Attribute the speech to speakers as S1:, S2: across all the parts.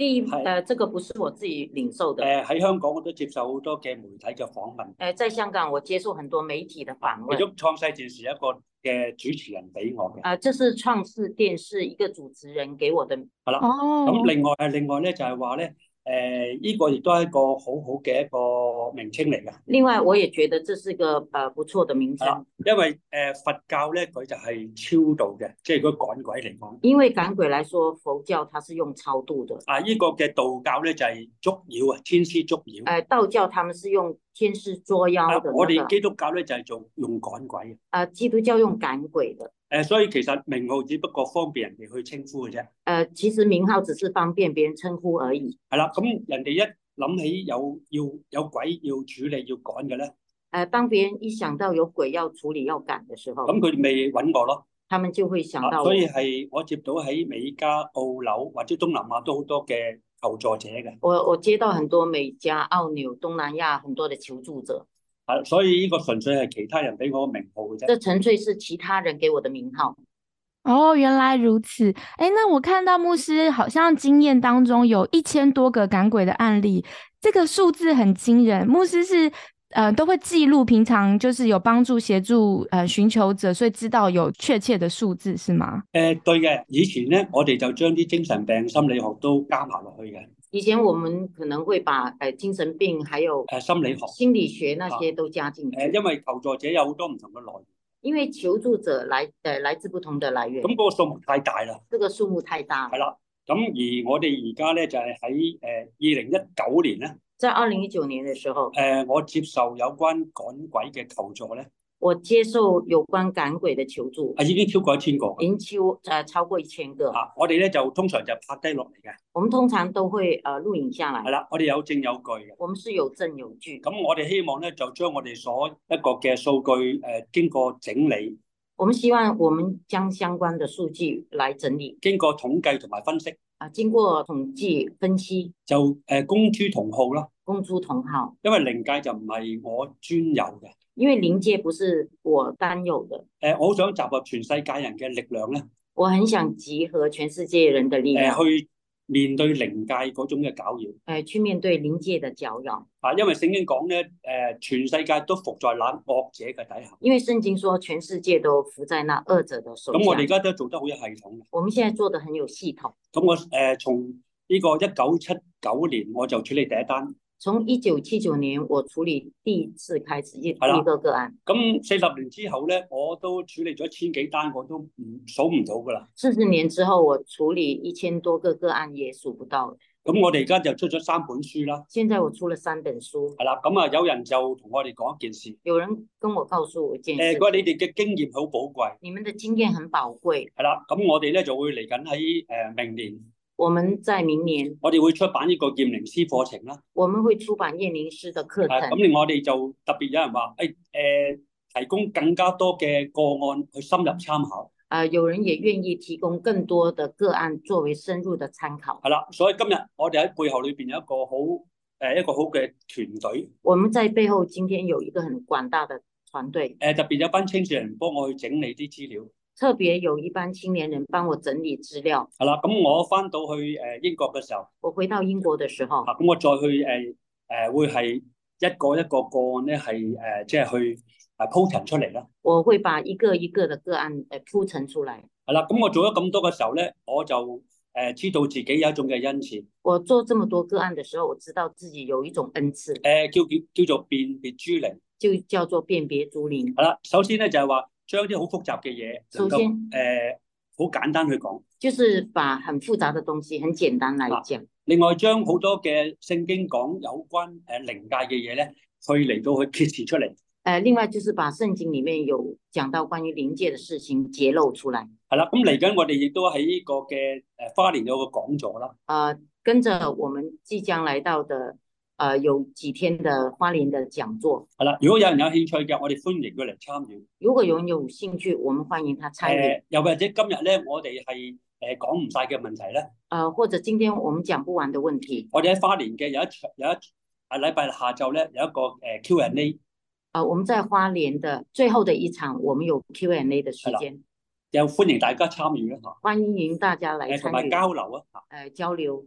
S1: 呢一，呢是、呃、這個不是我自己領受嘅。誒喺香港我都接受好多嘅媒體嘅訪問。
S2: 誒，在香港我接受很多媒體嘅訪問。係
S1: 喎、呃，創世、啊、電視一個嘅主持人俾我嘅。啊，
S2: 這是創世電視一個主持人俾我嘅。好啦、嗯。哦。咁另
S1: 外誒，另外咧就係話咧。誒，呢、呃，這個亦都係一個很好好嘅一個名稱嚟噶另外，我也覺得這是個誒、呃、不錯嘅名稱。啊、因為誒、呃、佛教咧，佢就係超度嘅，即係個趕鬼嚟講。因為
S2: 趕鬼嚟說，佛教它是用超度嘅。啊、呢、
S1: 這個嘅道教咧就係、是、捉妖啊，天師捉妖。誒、呃，
S2: 道教他們是用天師捉妖，那個啊、我哋基
S1: 督教咧就係、是、做用趕鬼
S2: 啊。基督教用趕鬼的。嗯
S1: 誒，所以其實名號只不過方便人哋去稱呼嘅啫。
S2: 誒、呃，其實名號只是方便別
S1: 人稱呼而已。係啦，咁人哋一諗起有要有鬼要處理要趕嘅咧。
S2: 誒、呃，當別人一想到有鬼要處理要趕嘅時候，咁佢
S1: 咪搵我咯。他們就會想到、啊。所以係我接到喺美加、澳紐或者東南亞都好多嘅求助者嘅。
S2: 我我接到很多美加、澳紐、東南亞很多嘅求助
S1: 者。所以呢個純粹係其他人俾我個名號嘅啫。純粹是其他人給我的
S2: 名號。
S3: 哦，原來如此。誒、欸，那我看到牧師好像經驗當中有一千多個趕鬼的案例，這個數字很驚人。牧師是，呃、都會記錄，平常就是有幫助協助誒呃、尋求者，所以知道有確切的數字是嗎？
S1: 誒、呃，對嘅，以前呢，我哋就將啲精神病心理學都加埋落去嘅。以前我們
S2: 可能會把誒精神病，還有誒心理學、心理學那些都加進去。誒，因
S1: 為求助者有好多唔同嘅來
S2: 源，因為求助者來誒來自不同的來源。咁嗰
S1: 個數目太大啦，
S2: 呢個數目太大。係啦，
S1: 咁而我哋而家咧就係喺誒二零一九年咧，即係二零一九年嘅時候，誒我接受有關趕鬼嘅求助咧。我接
S2: 受有關趕鬼的求助，
S1: 啊，已，已經超過一千個，已經
S2: 超誒超過一千個。
S1: 啊，我哋呢就通常就拍低落嚟嘅，我們
S2: 通常都會誒、呃、錄影下來。係啦，
S1: 我哋有證有據嘅，我們是有證有據。咁我哋希望呢就將我哋所一個嘅數據誒、呃、經過整理，我們希望我們將相關的數據來整理，經過統計同埋分析。啊！經過統計分析，就誒、呃、公諸同好啦，公諸同好，因為靈界就唔係我專有嘅，因為靈界
S2: 不是我單有
S1: 的，誒，我好想集合全世界人嘅力量咧，我很想集合全世界人嘅力量、嗯呃、去。面對靈界嗰種嘅攪擾，誒
S2: 去面對靈界嘅攪擾。
S1: 啊，因為聖經講咧，誒、呃、全世界都伏在那惡者嘅底下。
S2: 因為聖經說全世界都伏在那惡者
S1: 嘅手下。咁我哋而家都做得好有系統。
S2: 我們現在做得很有系統。
S1: 咁我誒從呢個一九七九年我就處理第一單。
S2: 從一九七九年我處理第一
S1: 次開始一一個個案，咁四十年之後咧，我都處理咗千幾單，我都唔數唔到噶啦。
S2: 四十年之後，我處理一千多個個案也數唔到。
S1: 咁、嗯、我哋而家就出咗三本書啦。現
S2: 在我出咗三本書。
S1: 係啦，咁啊，有人就同我哋講一件事。
S2: 有人跟我告訴我一件事。誒、呃，佢話
S1: 你哋嘅經驗好寶貴。
S2: 你們嘅經驗很寶貴。
S1: 係啦，咁我哋咧就會嚟緊喺誒明年。
S2: 我們在明年，
S1: 我哋會出版呢個驗靈師課程啦。
S2: 我們會出版驗靈師的課程。咁另
S1: 外、啊、我哋就特別有人話，誒、哎、誒、呃，提供更加多嘅個案去深入參考。
S2: 誒、啊，有人也願意提供更多的個案作為深入的參考。
S1: 係啦、啊，所以今日我哋喺背後裏邊有一個好誒、呃，一個好嘅團隊。
S2: 我們在背後，今天有一個很廣大的團隊。
S1: 誒、啊，特別有班青年人幫我去整理啲資料。
S2: 特別有一班青年人幫我整理資料。
S1: 係啦，咁我返到去誒英國嘅時候，我回到英國嘅時候，咁我，啊、我再去誒誒、呃、會係一個一個個案咧係誒即係去誒鋪陳出嚟啦。
S2: 我會把一個一個嘅個案誒鋪陳出嚟。
S1: 係啦，咁我做咗咁多嘅時候咧，我就誒知道自己有一種嘅恩賜。
S2: 我做這麼多個案嘅時候，我知道自己有一種恩賜。
S1: 誒、呃、叫叫叫做辨別諸靈，
S2: 就叫做辨別諸
S1: 靈。係啦，首先咧就係話。將啲好複雜嘅嘢，首先，誒、呃，好簡單去講，
S2: 就是把很複雜嘅東西，很簡單嚟講。
S1: 另外，將好多嘅聖經講有關誒靈界嘅嘢咧，去嚟到去揭示出嚟。
S2: 誒、呃，另外就是把聖經裏面有講到關於靈界嘅事情揭
S1: 露出來。係啦，咁嚟緊我哋亦都喺呢個嘅誒花蓮有個講座啦。
S2: 啊、呃，跟着我們即將來到嘅。誒，有幾天的花蓮嘅講座
S1: 係啦，如果有人有興趣嘅，我哋歡迎佢嚟參與。
S2: 如果有人有興趣，我們歡迎他參與。
S1: 又或者今日咧？我哋係誒講唔晒嘅問題咧？
S2: 啊，或者今天我們講不完嘅問題。
S1: 我哋喺花蓮嘅有一場，有一啊禮拜下晝咧有一個誒 Q&A。啊、呃
S2: 呃，我們在花蓮嘅最後的一場，我們有 Q&A 嘅時間，
S1: 又歡迎大家參與啦，吓、啊！
S3: 歡迎大家嚟同埋
S1: 交流啊，誒、呃，交流。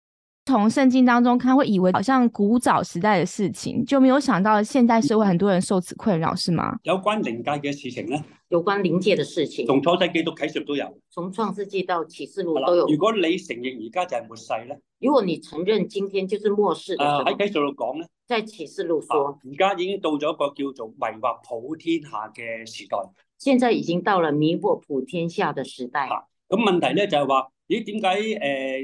S3: 從聖經當中看，他會以為好像古早時代的事情，就沒有想到現代社會很多人受此困擾，是嗎？
S1: 有關靈界嘅事情咧，有關靈界嘅事情，從創世記到啟示錄都有，從創世紀
S2: 到啟示錄都有。
S1: 如果你承認而家就係末世咧，如果你承認今天就是末世嘅時候，喺啟示錄講咧，在啟示錄說，而家、啊、已經到咗一個叫做迷惑普天下嘅時代，現在已經
S2: 到了迷惑普
S1: 天下嘅時代。咁問題咧就係、是、話。咦？點解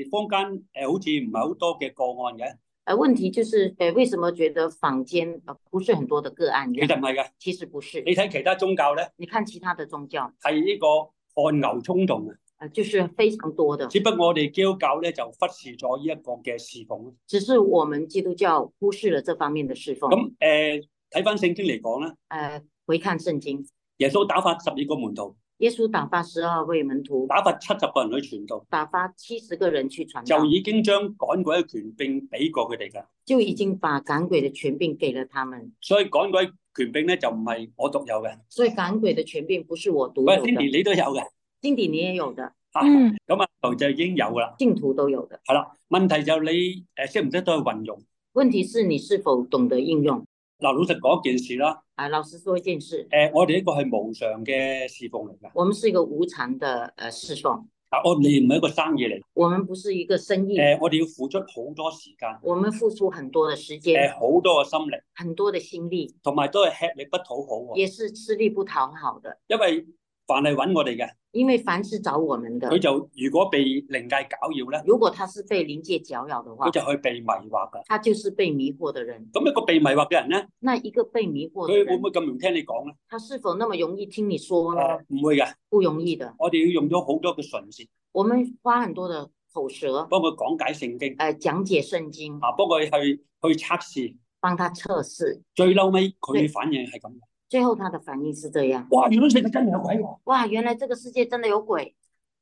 S1: 誒，坊間誒好似唔係好多嘅個案嘅？
S2: 誒，問題就是誒，為什麼覺得坊間啊不是很多的個案嘅？其實
S1: 唔係噶，其實不是。你睇其他宗教咧？
S2: 你看其他的宗教，
S1: 係呢個按牛衝動啊，啊，就是非常多嘅。只不過我哋基督教咧就忽視咗呢一個嘅侍奉。只是我們基督教忽視咗這方面嘅侍奉。咁誒，睇、呃、翻聖經嚟講咧，
S2: 誒，回看聖經，
S1: 耶穌打發十二個門徒。
S2: 耶穌打發十二位門徒，
S1: 打發七十個人去傳道，
S2: 打發七十個人去傳道就已
S1: 經將趕鬼嘅權柄俾過佢哋噶，
S2: 就已經把趕鬼嘅權柄給咗他，他們，
S1: 所以趕鬼權柄咧就唔係我獨有嘅，
S2: 所以趕鬼嘅權柄唔係我獨有，喂，金迪你都有嘅，金迪你也有嘅。
S1: 咁、嗯、啊就已經有噶啦，信徒都有嘅。係啦、嗯，問題就你誒識唔識得去運用？
S2: 問題是你是否懂得應用？
S1: 嗱，老實講一件事啦。
S2: 啊，老實說一件事。
S1: 誒，我哋呢個係無償嘅侍奉嚟噶。我們是一個
S2: 無償嘅誒侍奉。嗱，我你唔係一個生意嚟。我們不是一個生意。誒、呃，我哋要
S1: 付出好多時間。我們付出很多嘅時間。誒、呃，好多嘅心力。很多嘅心力。同埋都係吃力不討好喎。也
S2: 是吃力不討好的。
S1: 因為。凡係搵我哋嘅，
S2: 因為凡是找我們的，佢就
S1: 如果被靈界攪擾咧。如
S2: 果他是被靈界攪擾的話，佢就
S1: 去被迷惑噶。他
S2: 就是被迷惑嘅人。
S1: 咁一個被迷惑嘅人咧，
S2: 那一個被迷惑嘅人，佢會唔會
S1: 咁容易聽你講咧？
S2: 他是否那麼容易聽你說咧？
S1: 唔、呃、會噶，不容易的。我哋要用咗好多嘅唇舌，
S2: 我們花很多的
S1: 口舌，幫佢講解聖經，誒、呃，講解聖經啊，幫佢去去測試，
S2: 幫他測
S1: 試。最嬲尾，佢反應係咁，
S2: 最後他的反應是這樣：哇！原來世界真有鬼啊！哇！原來這個世界真的有鬼。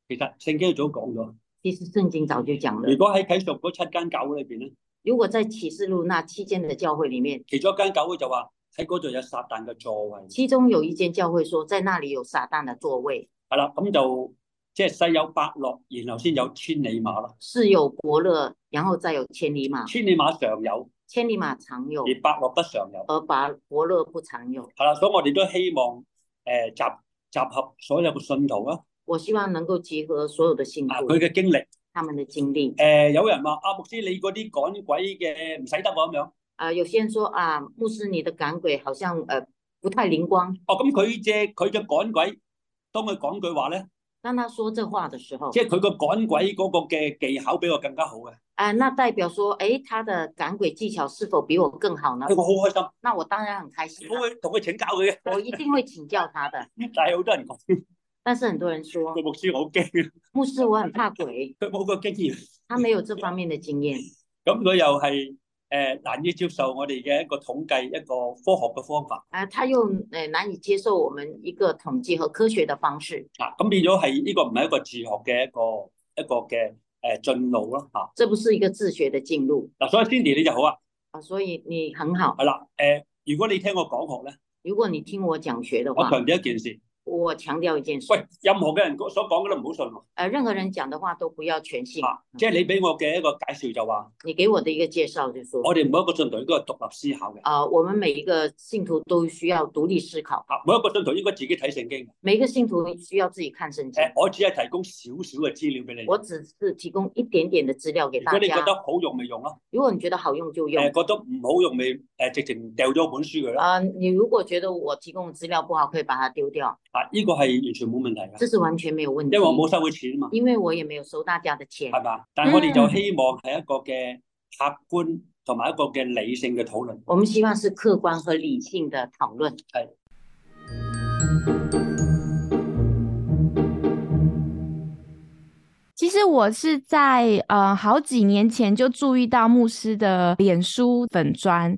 S1: 其實聖經早講咗。其實聖經早就講咗。如果喺啟示
S2: 嗰七間教會裏邊咧？如果在啟示錄那七間的教會裏面，其中
S1: 一間教會就話喺嗰度有撒旦嘅座位。其
S2: 中有一間教會說，在那裏有撒旦的座位。
S1: 係啦，咁就即係世有伯樂，然後先有千里馬啦。是有伯樂，然後再有千里馬。千里馬常有。千里馬常有，而伯樂不常有。而伯
S2: 伯樂不常有。
S1: 係啦，所以我哋都希望誒、呃、集集合所有嘅信徒啊。
S2: 我希望能夠集合所有的信徒。佢
S1: 嘅、啊、經歷，他們的經歷。誒、呃，有人話阿牧師你嗰啲趕鬼嘅唔使得喎咁樣。啊、呃，有
S2: 些人說啊，牧師你嘅趕鬼好像誒、呃、不太靈光。
S1: 哦，咁佢只佢嘅趕鬼，當佢講句話咧。
S2: 當他說這話的時候。即係佢
S1: 個趕鬼嗰個嘅技巧比我更加好嘅。
S2: 啊、呃，那代表說，誒，他的趕鬼技巧是否比我更好呢？我好開心，那我當然很
S1: 開心、啊。會同佢請教佢 我一定會請教他的。但係好多人講，
S2: 但是很多
S1: 人說，個 牧師我好驚，牧師我
S2: 很怕鬼，
S1: 佢冇 個經驗，
S2: 他沒有這方面的
S1: 經驗。咁佢又係誒難以接受我哋嘅一個統計、一個科學嘅方法。
S2: 啊，他又誒、呃、難以接受我們一個統計和科學嘅方式。嗱、
S1: 啊，咁變咗係呢個唔係一個自學嘅一個一個嘅。誒進路咯嚇，這不是一個自學的進路，啊。所以 Cindy 你就好啊。
S2: 啊，所以你很好。
S1: 係啦，呃，如果你
S2: 聽我講學咧，如果你聽我講學的話，我強調一件事。我強調一件事。喂，任何
S1: 嘅人所講嘅都唔好信
S2: 誒，任何人講嘅話都不要全信。即係、啊，就是、你
S1: 俾我嘅一個介紹就話。
S2: 你給我嘅一個介紹就說。我哋
S1: 每一個信徒應該獨立思考嘅。
S2: 啊，我們每一個信徒都需要獨立
S1: 思考。啊、每一個信徒應該自己睇聖經。
S2: 每一個信徒需要自己看
S1: 聖經的、啊。我只係提供少少嘅資料俾你。我只
S2: 是提供一點點嘅資料給大家。如果你覺得
S1: 好用咪用咯。
S2: 如果你覺得好用就用、啊。誒、啊，
S1: 覺得唔好用咪。誒、呃，直情掉咗本書嘅啦。
S2: 啊，你如果覺得我提供的資料不好，可以把它丟掉。啊，呢、
S1: 這個係完全冇問題嘅。這是完全沒有問題，因為我冇收佢錢嘛。因
S2: 為我也沒有收大家嘅錢，係嘛？
S1: 但係我哋就希望係一個嘅客觀同埋一個嘅理性嘅討論。嗯、
S2: 我們希望是客觀和理性的討論。係。
S3: 其實我是在誒、呃、好幾年前就注意到牧師的臉書粉專。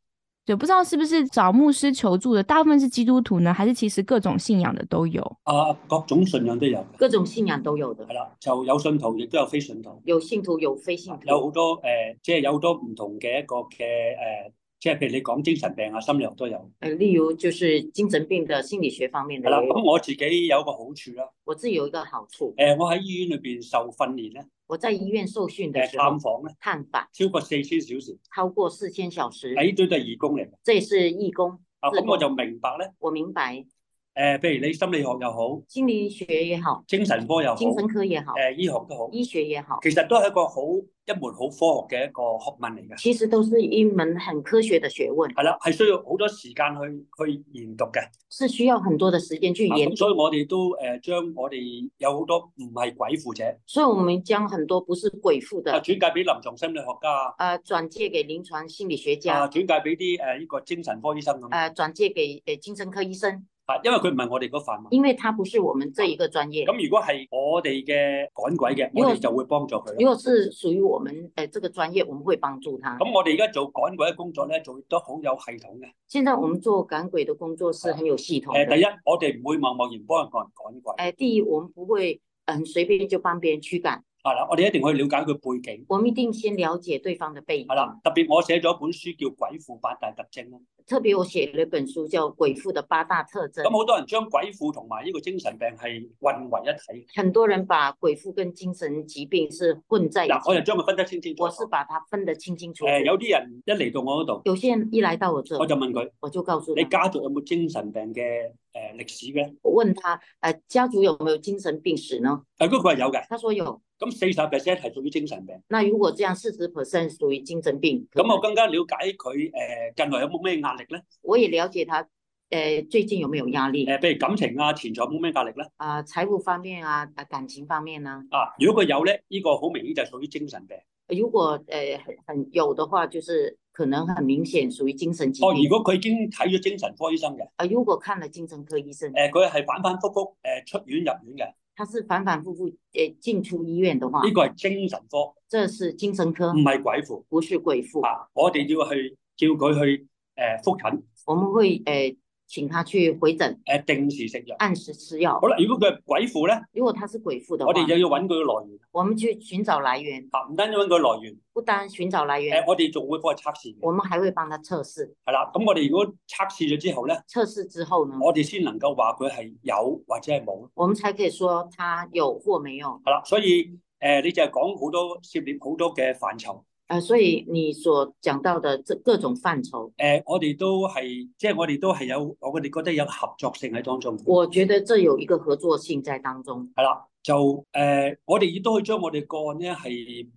S3: 就不知道是不是找牧師求助的，大部分是基督徒呢，還是其實各種信仰的都有？
S1: 啊，各種信仰都有，各種信仰都有的。係啦，就有信徒，亦都有非信徒。
S3: 有
S2: 信徒，有非信徒。有
S1: 好多誒，即、呃、係、就是、有好多唔同嘅一個嘅誒，即係譬如你講精神病啊、心理都有。誒、呃，例如就是精神病嘅心理學方面。係啦，咁我自己有一個好處啦、
S2: 啊。我自己有一個好處。誒、
S1: 呃，我喺醫院裏邊受訓練咧。我在醫院受訓嘅探訪咧，探訪超過四千小時，超過四千小時，誒，對對，義工嚟嘅，這是義工。咁我就明白咧，我明白。誒，譬、呃、如你心理學又好，心理學也好，精神科又好，精神科也好，誒，醫學都好，
S2: 醫學也好，也好其
S1: 實都係一個好一門好科學嘅一個學問嚟嘅。其
S2: 實都係一門很科學嘅學，學，學問。
S1: 係啦，係需要好多時間去去研讀嘅。
S2: 是需要很多嘅時間去研讀。所
S1: 以我哋都誒，將我哋有好多唔係鬼附者。所以我們
S2: 將、呃、很多不是
S1: 鬼附嘅，轉、嗯呃、介俾臨、呃、床心理學家。
S2: 誒、呃，轉介給臨床心理學家。啊、呃，
S1: 轉介俾啲誒呢個精神科醫生咁。誒，
S2: 轉、呃、介給誒精神科醫生。
S1: 因為佢唔係我哋嗰範，
S2: 因為他不是我們
S1: 這一個專業。咁如果係我哋嘅趕鬼嘅，果我哋就會幫助佢。如果
S2: 是屬於我們誒這個專業，我們會幫助他。咁我
S1: 哋而家做趕鬼嘅工作咧，做都好有系統嘅。現在我們
S2: 做趕鬼嘅工作是很有系統。誒、嗯呃，第一，
S1: 我哋唔會貿貿然幫人趕鬼。誒、
S2: 呃，第一，我們不會很隨便就幫別人驅趕。
S1: 係啦，我哋一定可以了解佢背景。
S2: 我們一定先了解對方嘅背景。係啦，
S1: 特別我寫咗一本書叫《鬼父八大特徵》咧。
S2: 特別我寫咗一本書叫《鬼父嘅八大特徵》。咁好多
S1: 人將鬼父同埋呢個精神病係混為一體。
S2: 很多人把鬼父跟精神疾病是混在。我就將佢
S1: 分得清清楚楚。我是把它分得清清楚楚。誒，有啲人一嚟到我嗰度，有些人一嚟到我這，我，我就問佢，我就告訴佢，你家族有冇精神病嘅誒歷史嘅？我問他，誒、呃，家族有冇有精神病史呢？誒，嗰個係有嘅，他說有。咁四十 percent 係屬於精神病。那如果
S2: 這樣四十 percent 屬於精神病，
S1: 咁我更加了解佢誒、呃、近來有冇咩壓力咧？
S2: 我也了解他誒、呃、最近有
S1: 冇有壓力？誒、呃，譬如感情啊、財務有冇咩壓力咧？
S2: 啊，財務方面啊，感情方面啊。
S1: 啊，如果佢有咧，呢、這個好明顯就係屬於精神病。
S2: 如果誒很、呃、很有的話，就是可能很明顯屬於精
S1: 神病。哦，如果佢已經睇咗精神科醫生嘅？啊，
S2: 如果看了精
S1: 神科醫生？誒、呃，佢係反反覆覆誒、呃、出院入院嘅。他
S2: 是反反复复誒進出醫院的
S1: 話，呢個係精神科，這是精神科，唔係鬼附，不是鬼附，是鬼附啊，我哋要去叫佢去誒、呃、複診，我們會誒。呃
S2: 請他去回診。誒、呃，定時食藥，按時吃藥。好啦，如果
S1: 佢係鬼附咧，
S2: 如果他是鬼附的話，我哋就
S1: 要揾佢嘅來源。
S2: 我們去尋找來源。
S1: 吓、啊，唔單止揾佢嘅來源，不單尋找來源，誒，我哋仲會幫佢測試。
S2: 我們還會幫他測試。
S1: 係啦，咁我哋如果測試咗之後咧，測試之後呢，我哋先能夠話佢係有或者係冇。
S2: 我們才可以說他有或冇。
S1: 係啦，所以誒、呃，你就係講好多涉獵好多嘅範疇。
S2: 啊，所以你所講到的這各種範疇，
S1: 誒、呃，我哋都係即係我哋都係有，我哋覺得有合作性喺當中。我
S2: 覺得這有一個合作性在當中。
S1: 係啦，就誒、呃，我哋亦都可以將我哋個案咧係誒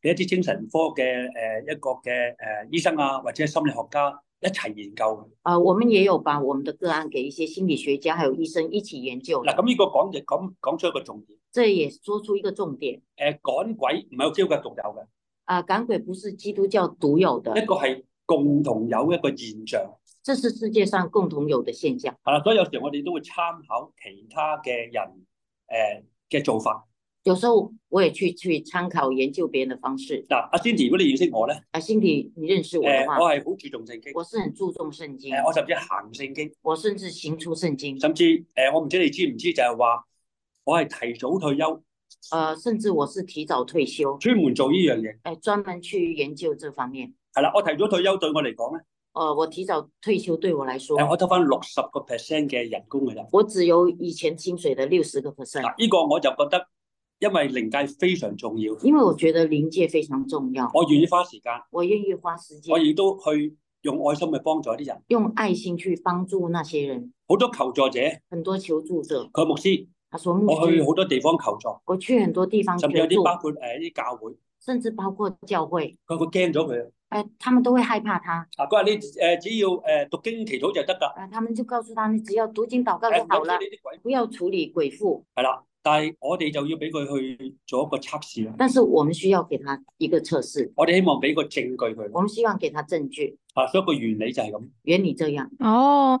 S1: 俾一啲精神科嘅誒、呃、一個嘅誒、呃、醫生啊，或者心理學家一齊研究。啊、
S2: 呃，我們也有把我們的個案給一些心理學家，還有醫生一起研
S1: 究。嗱，咁呢個講就講講，講出一個重點。
S2: 這也說出一個重點。
S1: 誒、呃，趕鬼唔係有機會獨有嘅。
S2: 啊，趕鬼不是基督教獨有的，一個係
S1: 共同有一個現象，
S2: 這是世界上共同有的現象。
S1: 係啦、啊，所以有時候我哋都會參考其他嘅人，誒、呃、嘅做法。
S2: 有時候我也去去參考研
S1: 究別人嘅方式。嗱、啊，阿 Cindy 如果你認識我咧，阿、啊、Cindy 你認識我嘅話，我係好注重聖經，我是很注重聖經，我，聖經呃、我甚至行聖經，我甚至行出聖經，甚至誒、呃，我唔知你知唔知，就係話我係提早退休。誒、呃，甚至我是提早退休，專門做呢樣嘢，
S2: 誒，專門去研究這方面。
S1: 係啦，我提早退休對我嚟講咧，
S2: 誒、呃，我提早退休對我來說，誒、呃，我得翻
S1: 六十個 percent 嘅人工嘅啫。我
S2: 只有以前薪水嘅六十個 percent。
S1: 嗱，呢、啊，這個我就覺得，因為靈界非常重要。因為
S2: 我覺得靈界非常重要，我
S1: 願意花時間，
S2: 我願意花時間，我亦
S1: 都去用愛心去幫助啲人，
S2: 用愛心去幫助那些人，
S1: 好多求助者，
S2: 很多求助者，
S1: 佢牧師。我去好多地方求助，我去很多地方，甚至有啲包括誒啲教會，
S2: 甚至包括教會，
S1: 佢驚咗佢，
S2: 誒，他們都會害怕他。嗱，
S1: 佢話你誒，只要誒讀經祈禱就得㗎。啊，
S2: 他們就告訴他你只要讀經禱告就好了，你啲鬼不要處理鬼附。」
S1: 係啦，但係我哋就要俾佢去做一個測試。但是
S2: 我們需要給他一個測
S1: 試。我哋希望俾個證據佢。
S2: 我們希望給他證據。
S1: 啊，所以個原
S2: 理就係咁，原理這樣。
S3: 哦。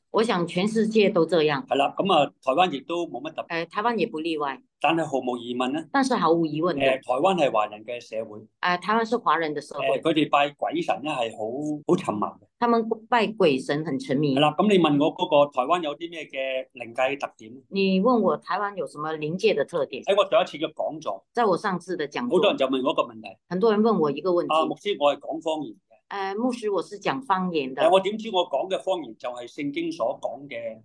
S3: 我
S1: 想全世界都這樣。係啦，咁啊，台灣亦都冇乜特別。誒，台灣也不例外。但係毫無疑問咧。但是毫無疑問。誒、呃，台灣係華人嘅社會。
S2: 啊，台灣是華
S1: 人的社會。佢哋、呃呃、拜鬼神咧，係好好沉迷嘅。
S2: 他們拜鬼
S1: 神很沉迷。係啦、嗯，咁、嗯、你問我嗰個台灣有啲咩嘅靈界特點？
S2: 你問我台灣有什麼靈界嘅
S1: 特點？喺、哎、我第一次嘅講座。在我上次的講座。好多人就問我一個問題。很多人問我一個問題。目前、啊、我係講方言。誒、嗯，牧師，我是講方言的。我點知我講嘅方言就係聖經所講嘅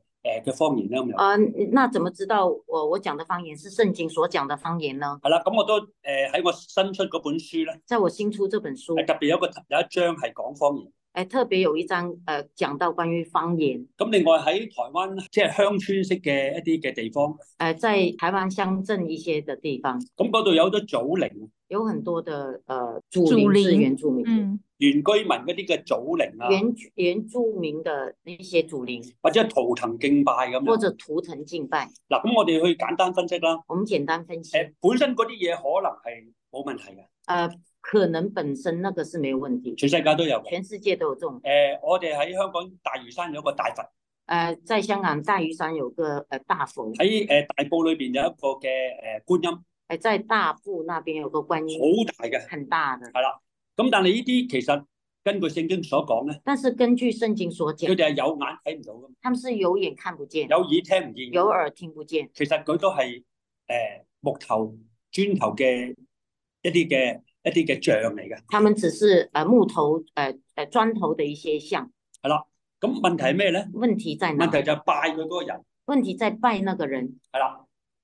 S1: 誒嘅方言咧？咁樣啊，那怎麼
S2: 知道我我講的方言是
S1: 聖經所講的方言呢？係啦，咁我都誒喺、呃、我新出嗰本書咧，即係我新出這本書，特別有一個有一章係講方言。誒特別有一張誒、呃、
S2: 講到關於方言。
S1: 咁另外喺台灣即係、就是、鄉村式嘅一啲嘅地方。誒、呃，
S2: 在台灣鄉鎮一些嘅地方。
S1: 咁嗰度有咗祖靈。那那
S2: 有很多嘅
S1: 誒祖靈、呃、原住民。嗯、原居民嗰啲嘅祖靈啊。原
S2: 原住民嘅呢一些祖
S1: 靈。或者圖騰敬拜咁。或者
S2: 圖騰敬拜。
S1: 嗱，咁我哋去簡單分析啦。我們簡單分析。誒、呃，本身嗰啲嘢可能係冇問題嘅。
S2: 誒、呃。可能本身那個是沒有問題。全世界都有，全世界都有這種。
S1: 誒、呃，我哋喺香港大嶼山有個大佛，誒、
S2: 呃，在香港大嶼山有個誒、呃、大佛喺誒、
S1: 呃、大埔裏邊有一個嘅誒、呃、觀音，
S2: 喺在大埔那邊有個觀音，好大嘅，很大的。
S1: 係啦。咁但係呢啲其實根據聖經所講咧，
S2: 但是根據聖經所講，佢
S1: 哋係有眼睇唔到嘅，
S2: 他們是有眼看不見，
S1: 有耳聽唔見，有耳聽不見。不見其實佢都係誒、呃、木頭、磚頭嘅一啲嘅。一啲嘅像嚟嘅，佢
S2: 哋只是誒木頭、誒、呃、誒磚頭的一些像
S1: 係啦。咁問題係咩咧？
S2: 問題在哪？問題
S1: 就係拜佢嗰個人。
S2: 問題在拜嗰個人，
S1: 係啦。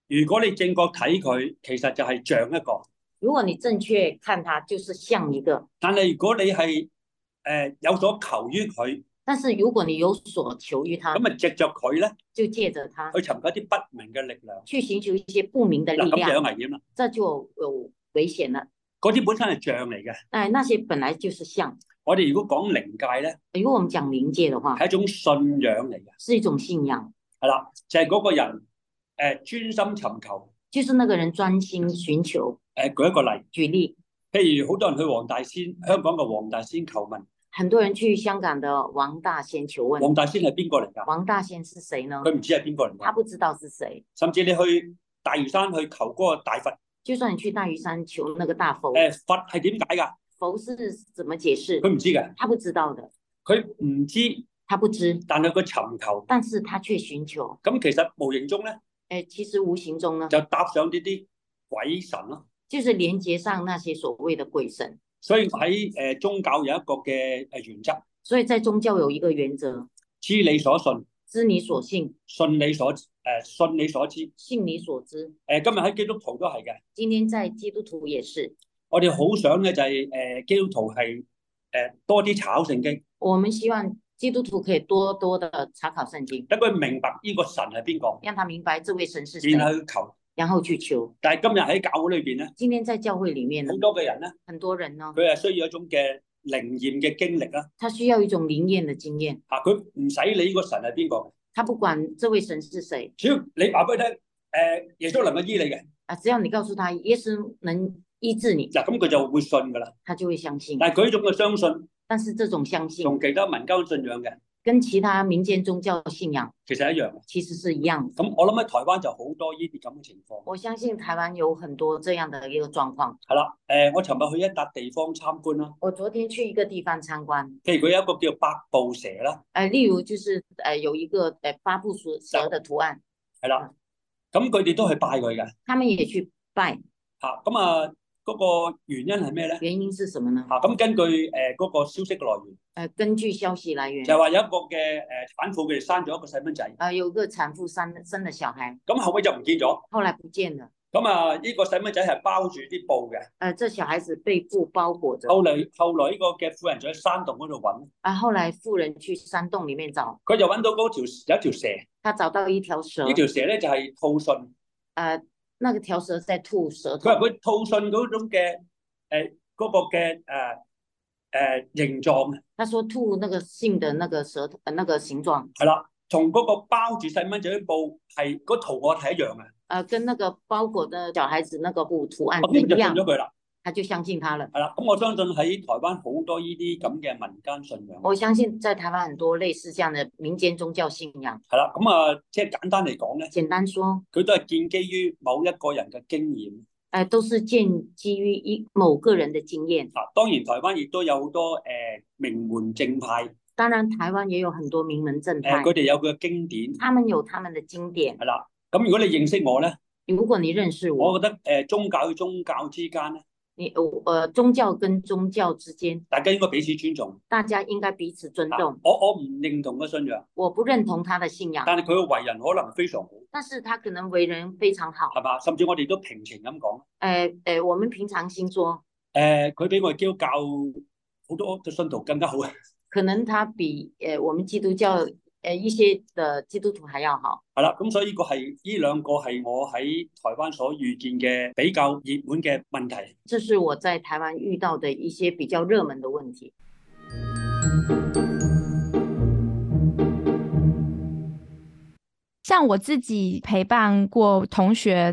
S1: 如果你正確睇佢，其實就係像一個。
S2: 如果你正確看他，就是像一個。
S1: 但係如果你係誒、呃、有所求於佢，但是如果你有所求於他，咁咪藉着佢咧，
S2: 就借着他去
S1: 尋求一啲不明嘅力量，去
S2: 尋求一些不明嘅力量。咁就有危險啦。即就有危險啦。
S1: 嗰啲本身係像嚟嘅，誒、哎、那些本來就是像。我哋如果講靈界咧，如果我們講靈界嘅話，係一種信仰嚟嘅，係一種信仰，係啦，就係嗰個人誒專心尋求，就是那個人專、呃、心尋求。誒、呃、舉一個例，舉例，譬如好多人去黃大仙，香港嘅黃大仙求問，
S2: 很多人去香港嘅黃大仙求問。黃大
S1: 仙係邊個嚟㗎？
S2: 黃大仙係誰呢？佢
S1: 唔知係邊個嚟，他
S2: 不知道是誰。
S1: 甚至你去大嶼山去求嗰個大佛。
S2: 就算你去大嶼山求那個大佛，誒，
S1: 佛係點解噶？
S2: 佛是怎麼解釋？佢唔知嘅，他不知道的。
S1: 佢唔知，他不知，不知但係佢尋求，但是他卻尋求。咁其實無形中咧，誒，其實無形中呢，呃、中呢就搭上呢啲鬼神咯，
S2: 就是連接上那些所謂的鬼神。所以喺誒、
S1: 呃、宗教有一個嘅誒原則，所以在宗教有一個原則，知你所信。知你所信，信你所、呃，信你所知，信你所知，信你所知。誒，今日喺基督徒都係嘅。
S2: 今天在基督徒也是。也是
S1: 我哋好想嘅就係、是、誒、呃，基督徒係誒、呃、多啲查考聖經。
S2: 我們希望基督徒可以多多的
S1: 查考聖經，等佢明白呢個神係邊個，
S2: 讓他明白這位神是點樣。然後
S1: 去求，然後去求。但係今日喺教會裏邊咧，今天在教會裡面咧，好多嘅人
S2: 咧，很多人咯，佢
S1: 係需要一種嘅。靈驗嘅經歷啦、啊，
S2: 他需要一種靈驗的經驗。
S1: 吓、啊，佢唔使理呢個神係邊個，
S2: 他不管這位神是誰，
S1: 只要你話俾佢聽，誒，耶穌能夠醫你嘅，
S2: 啊，只要你告訴他耶穌能醫治你，
S1: 嗱、啊，咁佢就會信噶啦，
S2: 他就會相信。但係佢種
S1: 嘅相信，但是這種相信同其他民間信仰嘅。跟其他民間宗教信仰，其實一樣，其實是一樣。咁我諗喺台灣就好多呢啲咁嘅情況。我相
S2: 信台灣有很多這樣的一個狀況。
S1: 係啦，誒，我尋日去一笪地方參觀啦。
S2: 我昨天去一個地方參觀。
S1: 譬如佢有一個叫百步蛇啦。
S2: 誒、呃，例如就是誒有一個誒百步蛇蛇的圖案。
S1: 係啦，咁佢哋都去拜佢嘅。他們也去拜。吓，咁啊。嗰個原因係咩咧？原因是什麼咧？嚇！咁、啊、根據誒嗰、呃那個消息嘅來源，
S2: 誒、呃、根據消息來源，就話有
S1: 一個嘅誒產婦嘅生咗一個
S2: 細蚊仔。啊、呃，有一個產婦生生咗小孩。咁
S1: 後尾就唔見咗。
S2: 後來唔見咗。
S1: 咁啊，呢、這個細蚊仔係包住啲布嘅。即、
S2: 呃、這小孩子被布包裹咗。後來，
S1: 後來呢個嘅婦人就喺山洞嗰度揾。啊、
S2: 呃，後來婦人去山洞裡面找，佢就揾
S1: 到嗰條有一條蛇。
S2: 他找到一條蛇。條蛇呢條蛇
S1: 咧就係、是、吐信。
S2: 誒、呃。那個條蛇在吐舌頭，
S1: 佢話佢吐信嗰種嘅，誒、欸、嗰、那個嘅誒誒形狀。
S2: 他說吐那個信的那個舌頭，那個形狀。係啦，
S1: 從嗰個包住細蚊仔布係嗰圖案，係一樣嘅。誒、
S2: 呃，跟那個包裹的小孩子那個布圖案一樣。啊。他就相信他了。
S1: 係啦，咁我相信喺台灣好多呢啲咁嘅民間信仰。我相
S2: 信在台灣很，很多類似這樣的民間宗教信仰。
S1: 係啦，咁啊，即係簡單嚟講咧。簡單說，佢都係建基於某一個人嘅經驗。誒、
S2: 呃，都是建基於一某個人嘅經驗。
S1: 啊，當然台灣亦都有好多誒、呃、名門正派。
S2: 當然台灣也有很多名門正派。佢
S1: 哋、呃、有佢嘅經典。他
S2: 們有他們的經典。
S1: 係啦，咁如果你認識我咧？如果你認識我，我覺得誒、呃、宗教與宗教之間咧。你
S2: 我誒、呃，宗教跟宗教之
S1: 間，大家應該彼此尊重。
S2: 大家應該彼此尊重。
S1: 啊、我我唔認同嘅信仰。我不
S2: 認同他的信仰。但
S1: 係佢嘅為人可能非常好。
S2: 但是他可能為人非常好，
S1: 係嘛？甚至我哋都平情咁講。
S2: 誒誒、呃呃，我們平常心說。
S1: 誒、呃，佢比我教教好多嘅信徒更加好啊。
S2: 可能他比誒、呃，我們基督教。誒，一些的基督徒還要好。
S1: 係啦，咁所以呢個係呢兩個係我喺台灣所遇見嘅比較熱門嘅問題。
S2: 這是我在台灣遇到的一些比較熱門的問題。
S3: 像我自己陪伴過同學。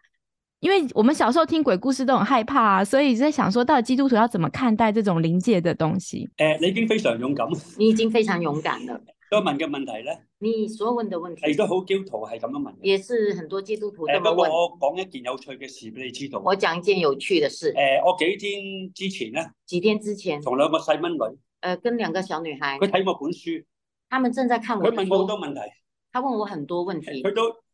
S3: 因為我們小時候聽鬼故事都很害怕，啊，所以在想說到底基督徒要怎麼看待這種靈界的東西？
S1: 誒、呃，你已經非常勇敢， 你
S3: 已經非常勇敢的。
S1: 所 問嘅問題咧，你所問的問題係都好基督徒係咁樣問的，也
S2: 是很多基督徒都問。不過、呃、我
S1: 講一件有趣嘅事俾你知道。我講一件有趣嘅事。誒、呃，我幾天之前呢？幾天之前同兩個細蚊女，誒、
S2: 呃，跟兩個小女孩，佢睇我本書，他們正在看我書，佢問好多問題，他問我很多問題，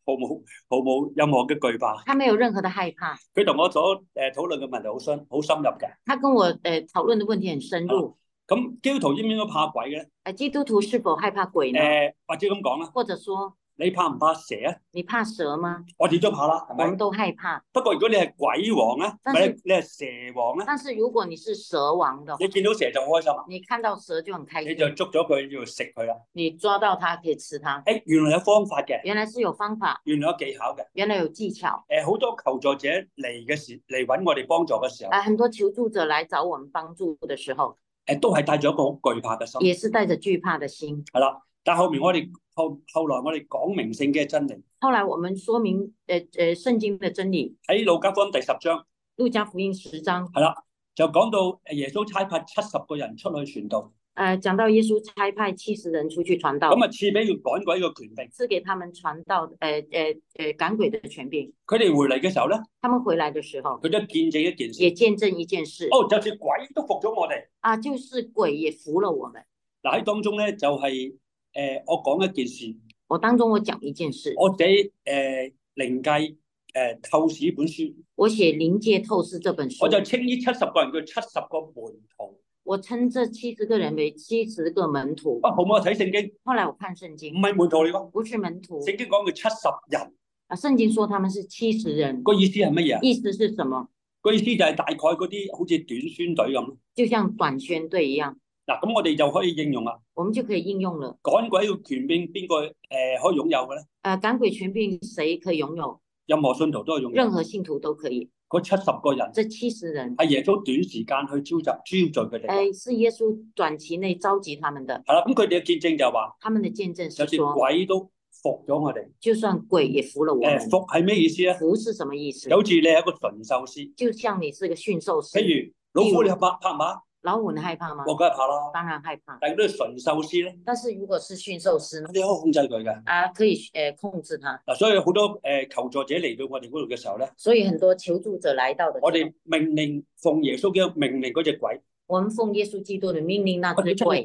S1: 毫冇毫冇任何嘅懼怕，他
S2: 沒有任何嘅害怕。
S1: 佢同我所誒討論嘅問題好深好深入嘅。他跟我誒討論嘅問題很深入。咁、啊嗯、基督徒應唔應該怕鬼嘅咧？誒、啊，基督徒是否害怕鬼咧？誒、呃，或者咁講咧？或者說？你怕唔怕蛇啊？你怕蛇嗎？我始終怕啦。我都害怕。不過如果你係鬼王咧，你你係蛇王咧？
S2: 但是如果你是蛇王嘅話，你
S1: 見到蛇就開心，
S2: 你看到蛇就很開心，你就
S1: 捉咗佢要食佢啦。
S2: 你抓到它可以食它。
S1: 誒，原來有方法嘅，原來
S2: 是有方法，
S1: 原來有技巧嘅，
S2: 原來有技巧。
S1: 誒，好多求助者嚟嘅時嚟揾我哋幫助嘅時候，誒，很
S2: 多求助者嚟找我們幫助嘅時候，
S1: 誒，都係帶咗一個好懼怕嘅心，也是
S2: 帶着懼怕嘅心。
S1: 係啦。但後面我哋後後來我哋講明聖嘅真理。
S2: 後來我們說明誒誒、呃、聖經的真理，
S1: 喺路加福音第十章。
S2: 路加福音十章係
S1: 啦，就講到耶穌差派七十個人出去傳道。
S2: 誒、呃，講到耶穌差派七十人出去傳道。咁啊，
S1: 賜俾佢趕鬼嘅權力，
S2: 賜給他們傳道誒誒誒趕鬼嘅權柄。佢
S1: 哋回嚟嘅時候咧，
S2: 他們回來的時候，佢
S1: 就見證一件事，也見證一件事。件事哦，就似鬼都服咗我哋。
S2: 啊，就是鬼也服了
S1: 我們。嗱，喺當中咧就係、是。誒，我講一件事。我當中我講一件事。我寫誒靈界誒透視本書。
S2: 我寫靈界
S1: 透視這本書。我就稱呢七十個人叫七十個門徒。
S2: 我稱這七十個人為
S1: 七十個門徒。啊，好唔好啊？睇聖經。後來我看聖經。唔係門徒嚟噶。不是門徒。聖經講嘅七十人。
S2: 啊，聖經說他們是七十人。
S1: 個意思係乜嘢？意思是什麼？個意，意思就係大概嗰啲好似短宣隊咁咯。
S2: 就像短宣隊一樣。
S1: 嗱，咁我哋就可以應用啦。我們就可以應用了。用了趕鬼要權柄邊個誒、呃、可以擁有嘅咧？誒、
S2: 呃，趕鬼權柄誰可以擁有？
S1: 任何信徒都係擁有。任何信徒都可以。嗰七十個人。這
S2: 七十人係
S1: 耶穌短時間去召集召集佢哋。誒、呃，
S2: 是耶穌短期內召集他們的。
S1: 係啦、啊，咁佢哋嘅見證就話。他
S2: 們嘅見證就,就算鬼
S1: 都服咗我哋。就
S2: 算鬼亦
S1: 服了我。誒，服係咩意思啊？服是什麼意思？好似你係一個馴獸師。就
S2: 像你是個馴獸師。譬如，老虎你拍拍馬。老虎你害怕嗎？我梗係怕啦，當然害怕。
S1: 但係佢都係馴獸師咧。
S2: 但是如果是馴獸師，你、啊、可以控制佢嘅？啊，可以誒，控制佢。嗱，
S1: 所以好多誒、呃、求助者嚟到我哋嗰度嘅時候咧，所以很
S2: 多求助者嚟到嘅。我哋
S1: 命令奉耶穌嘅命令嗰隻鬼。
S2: 我們奉耶穌基督嘅命令，那
S1: 隻鬼。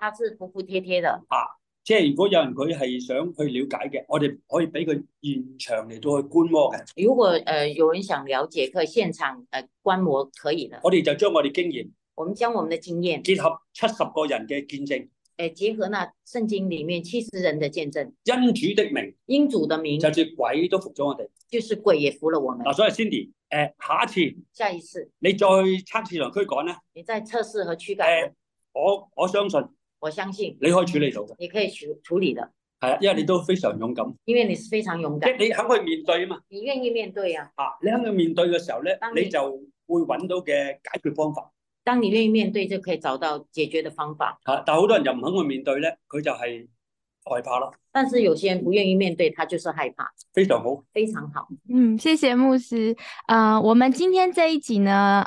S1: 他
S2: 是服服帖帖的。
S1: 啊即係如果有人佢係想去了解嘅，我哋可以俾佢現場嚟到去觀摩嘅。如果誒有人想了解，佢
S2: 現場誒觀摩可以嘅。我
S1: 哋就將我哋經驗，我們將我們的經驗結合七十個人嘅見證，誒結合那聖經裏面七十人的見證，見證因主的名，因主的名，就算鬼都服咗我哋，就是鬼也服了我們。嗱，所以 Cindy，誒、呃、下，下一次，下一次，你再去測試同驅趕咧？
S2: 你再測試和驅趕。誒，
S1: 我我相信。
S2: 我相信你可以處理到的，嘅。你可以處處理的，
S1: 係啊，因為你都非常勇敢，因
S2: 為你是非常勇敢，即你，你肯
S1: 去面對啊嘛，
S2: 你願意面對啊，啊，
S1: 你肯去面對嘅時候咧，你，你就會揾到嘅解決方法。
S2: 當你願意面對，就可以找到解決的
S1: 方法。啊，但好多人就唔肯去面對咧，佢就係害怕咯。
S2: 但是有些人不願意面對，他就是害怕。
S1: 非常好，非
S2: 常好。嗯，
S3: 謝謝牧師。啊、呃，我們今天這一集呢，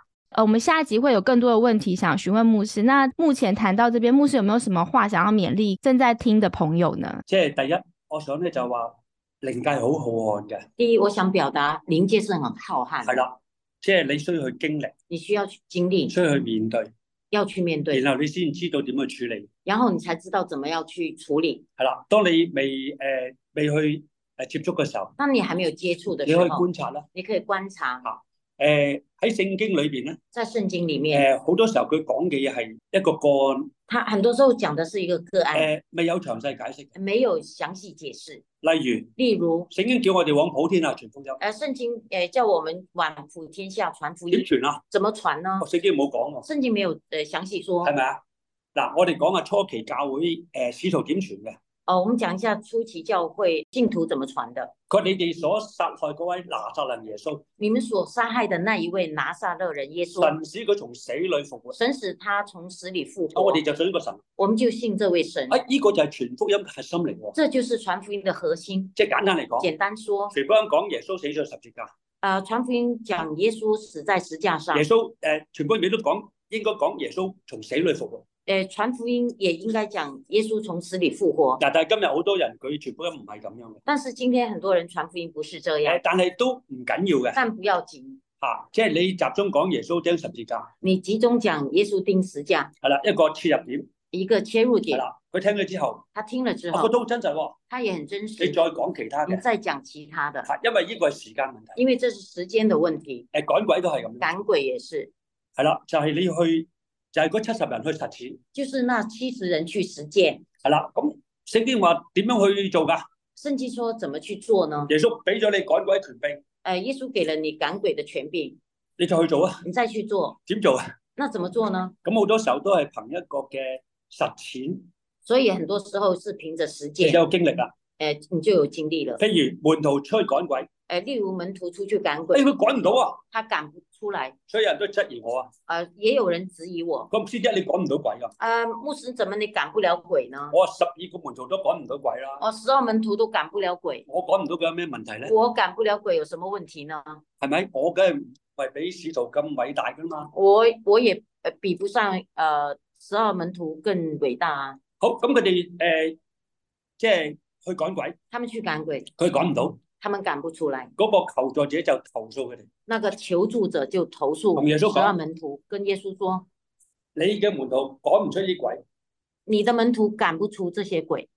S3: 誒、呃，我們下一集會有更多的問題想詢問牧師。那目前談到這邊，牧師有沒有什麼話想要勉勵正在聽的朋友呢？即
S1: 係第一，我想咧就話靈界好浩瀚嘅。
S3: 第一，我想表達靈界
S1: 是很浩瀚。係啦，即係你需要去經歷，你需要去經歷，需要去面對，嗯、要去面對，然後你先知道點去處理，
S2: 然後你才知道怎麼要去
S1: 處理。係啦，當你未誒未去誒接觸嘅時候，
S2: 當你還沒有接觸嘅時候，你可以觀察啦，你可以觀察。啊
S1: 誒，喺聖經裏邊咧，
S2: 在聖經裏面，誒，
S1: 好多時候佢講嘅嘢，係一個個案。他很多時候講的是一個個案。誒，未有詳細解釋。
S2: 沒有詳細解釋。
S1: 例如，例如，聖經叫我哋往普天下傳福音。
S2: 誒，聖經誒叫我們往普天下傳福音。點傳啊？怎麼傳呢？
S1: 聖經冇講喎。聖
S2: 經沒有誒詳細說。係
S1: 咪啊？嗱，我哋講下初期教會誒使徒點傳嘅？
S2: 哦、我們講一下初期教會信徒怎麼傳
S1: 的。佢你哋所殺害嗰位拿撒勒耶穌，
S2: 你們所殺害的那一位拿撒
S1: 勒人耶穌，神使佢從死裏復活，神使
S2: 他從死裏復活。活哦、我哋
S1: 就信呢個神，我們就信這位神。啊，呢、這個就係傳福音核心嚟。這
S2: 就是傳福音的核心。
S1: 即係簡單嚟講，簡單說，傳福音講耶穌死咗十字架。
S2: 誒、啊，傳福音講耶穌死在十架上。耶穌
S1: 誒，傳福音都講應該講耶穌從死裏復活。
S2: 誒，傳福音也應該講耶穌從死裏復活。
S1: 但係今日好多人佢全部都唔係咁樣嘅。
S2: 但是今天很多人傳福音不是這樣。但係
S1: 都唔緊要嘅。但不要緊吓，即係、啊就是，你集中講耶穌釘十字架。
S2: 你集中講耶穌釘十字架。
S1: 係啦，一個切入點。一個切入點。啦，佢聽咗之後。佢聽咗之後。佢都、啊、覺得好真實。他也很真實。你再講其他嘅。你再講其他的。因為呢個係時間問題。因為這是時間嘅問題。誒、啊，趕鬼都係咁。趕鬼也是。係啦，就係、是、你去。就係嗰七十人去實踐，
S2: 就是那七十人去實踐。
S1: 係啦，咁聖經話點樣去做噶？
S2: 聖經說，怎麼去
S1: 做呢？耶穌俾咗你趕鬼權柄，
S2: 誒、哎，耶穌給了你趕鬼嘅權柄，
S1: 你就去做啊！
S2: 你再去做，點做啊？怎做？那怎麼做呢？
S1: 咁好多時候都係憑一個嘅實踐，
S2: 所以很多時候是憑着實踐有經歷啊，誒、哎，你就有經歷了。譬
S1: 如門徒出去趕鬼。
S2: 誒，例如門徒出去趕鬼，佢
S1: 趕唔到啊，
S2: 他趕不出來，
S1: 所有人都質疑我啊，
S2: 誒、呃，也有人質疑我。
S1: 咁、嗯、師姐，你趕唔到鬼
S2: 啊？誒、呃，牧師，怎麼你趕不了鬼呢？
S1: 我十二個門徒都趕唔到鬼啦。我
S2: 十二門徒都趕不了鬼。我
S1: 趕唔到佢有咩問題咧？我
S2: 趕不了鬼有什麼問題呢？
S1: 係咪？我梗係唔比使徒更偉大㗎嘛？
S2: 我我也比不上誒十二門徒更偉大啊。
S1: 好，咁佢哋誒即係去趕鬼。他們去趕鬼。佢趕唔到。
S2: 他們趕不出來，
S1: 嗰個求助者就投訴佢哋。
S2: 那個求助者就投訴們，同耶穌十二門徒跟耶穌說，
S1: 你嘅門徒趕唔出啲鬼。
S2: 你的門徒趕不出這些鬼，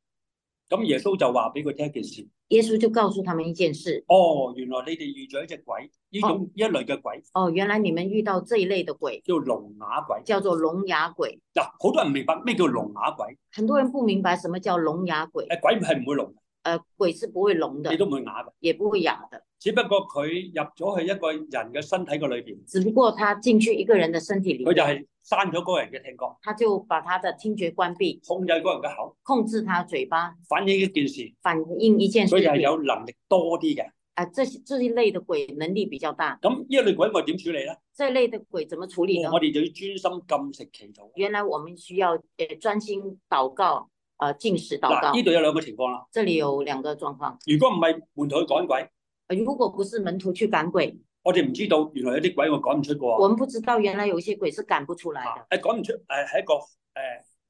S1: 咁耶穌就話俾佢聽件事。
S2: 耶穌就告訴他們一件事。
S1: 哦，原來你哋遇咗一隻鬼，呢種一類嘅鬼
S2: 哦。哦，原來你們遇到這一類嘅鬼叫聾啞鬼，叫做聾啞鬼。
S1: 嗱，好多人唔明白咩叫聾啞鬼。
S2: 很多人不明白什麼叫聾啞鬼。誒、哎，鬼係唔會聾。呃，鬼是不會聾的，你都唔會啞嘅，也不會啞的，
S1: 只不過佢入咗去一個人嘅身體嘅裏邊，只不
S2: 過他進去一個人的身體裏面，佢就係
S1: 刪咗個人嘅聽覺，
S2: 他就把他的聽覺關閉，
S1: 控制個人嘅口，
S2: 控制他嘴巴，
S1: 反映一件事，反映一件事，所以係有能力多啲嘅，啊、
S2: 呃，這這一類的鬼能力比較大，
S1: 咁呢類鬼我點處理咧？
S2: 這類的鬼怎麼處理呢？哦、我哋
S1: 就要專心禁食祈禱，
S2: 原來我們需要誒專心禱告。
S1: 啊！禁、呃、食禱告呢度有兩個情況啦。這裏有
S2: 兩個狀況。
S1: 如果唔係門徒去趕鬼、呃，如果不是門徒去趕鬼，我哋唔知道原來有啲鬼我趕唔出嘅。我
S2: 唔知道原來有些鬼趕不、啊呃趕
S1: 不呃、是趕唔出來的。誒，趕唔出誒，係一個誒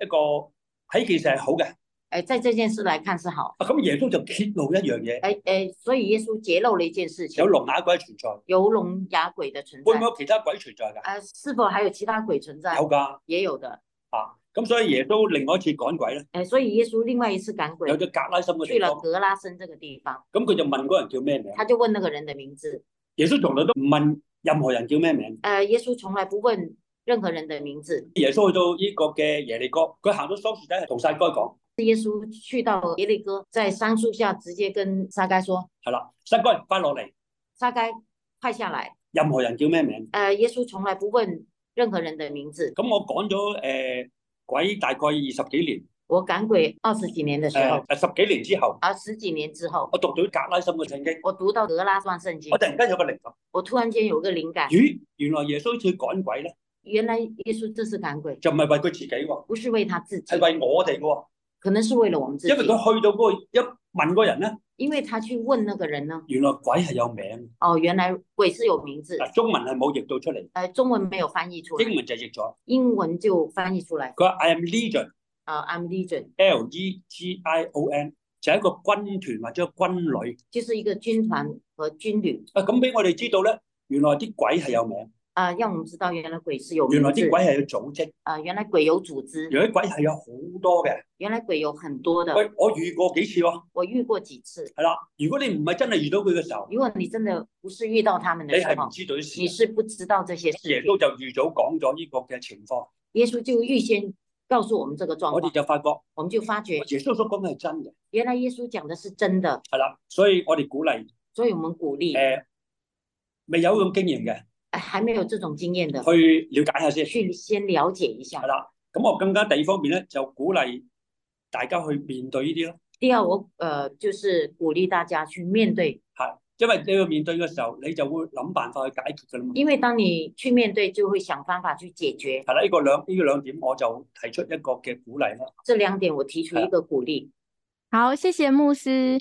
S1: 一個喺其實係好嘅。
S2: 誒，在這件事嚟，看是好。
S1: 啊，咁耶穌就揭露一樣嘢。誒
S2: 誒、呃呃，所以耶穌揭露呢件事情。有聾
S1: 啞鬼存在。
S2: 有聾啞鬼的存在。會唔會
S1: 有其他鬼存在噶？
S2: 誒、啊，是否還有其他鬼存在？有噶的。也有的。
S1: 啊。咁所以耶穌另外一次趕鬼咧？誒，所
S2: 以耶穌另外一次趕鬼，有咗
S1: 格拉森的，去到格
S2: 拉森這個地方。咁佢
S1: 就問嗰人叫咩名？佢
S2: 就問那個人嘅名字。
S1: 耶穌從來都唔問任何人叫咩名。誒、
S2: 呃，耶穌從來不問任何人的名字。
S1: 耶穌去到呢個嘅耶利哥，佢行到桑樹底同撒該講。
S2: 耶穌去到耶利哥，在桑樹下直接跟撒該說：
S1: 係啦，撒該快落嚟，
S2: 撒該快下來。下
S1: 來任何人叫咩名？
S2: 誒、呃，耶穌從來不問任何人的名
S1: 字。咁我講咗誒。呃鬼大概二十幾年，
S2: 我趕鬼二十幾年嘅時
S1: 候，呃，十幾年之後，
S2: 啊，十幾年之後，
S1: 我讀到《格拉森嘅聖經》，
S2: 我讀到《德拉酸聖經》，我突
S1: 然間有個靈感，
S2: 我突然間有個靈感，咦，
S1: 原來耶穌去趕鬼咧，
S2: 原來耶穌這是趕鬼，
S1: 就唔係為佢自己喎，不
S2: 是為他自己，係為，
S1: 為我哋嘅，可能是為了我們自己，因為佢去到嗰個一。問嗰人咧，
S2: 因為他去問那個人呢？
S1: 原來鬼係有名。
S2: 哦，原來鬼是有名字。嗱、
S1: 啊，中文係冇譯到出嚟。誒、
S2: 啊，中文沒有翻譯出嚟。英
S1: 文就譯咗。
S2: 英文就翻譯出嚟。
S1: 佢話 I am Legion。
S2: 啊、uh，I'm Legion。
S1: L E G I O N 就一個軍團或者軍旅。即係一個軍團和軍旅。嗯、啊，咁俾我哋知道咧，原來啲鬼係有名。
S2: 啊，讓我們知道原來鬼是有，原來啲鬼係有組織啊，原來鬼有組織，原
S1: 來鬼係有好多嘅，
S2: 原來鬼有很多嘅。喂，
S1: 我遇過幾次咯，
S2: 我遇過幾次
S1: 係啦。如果你唔係真係遇到佢嘅時候，如
S2: 果你真的不是遇到他們，你係唔
S1: 知道啲事，你是不知道這些事。耶穌就預早講咗呢個嘅情況，
S2: 耶穌就預先告訴我們這個狀況，我哋
S1: 就發覺，我們
S2: 就發覺耶穌所講嘅係真嘅，原來耶穌講嘅係真嘅。
S1: 係啦，所以我哋鼓勵，所以我們鼓勵誒，未有咁經驗嘅。
S2: 還沒有這種
S1: 經驗的，去了解一下先，去先了解一下。係啦，咁我更加第二方面咧，就鼓勵大家去面對呢啲咯。
S2: 第二，我誒、呃，就是鼓勵大家去
S1: 面對。係，因為你要面對嘅時候，你就會諗辦法去解決噶啦嘛。
S2: 因為當你去面對，就會想辦法去解決。係啦，呢、
S1: 呢個兩呢、呢個、兩點，我就提出一個嘅鼓勵啦。呢兩點我提出一個鼓勵，
S3: 的好，謝謝牧師。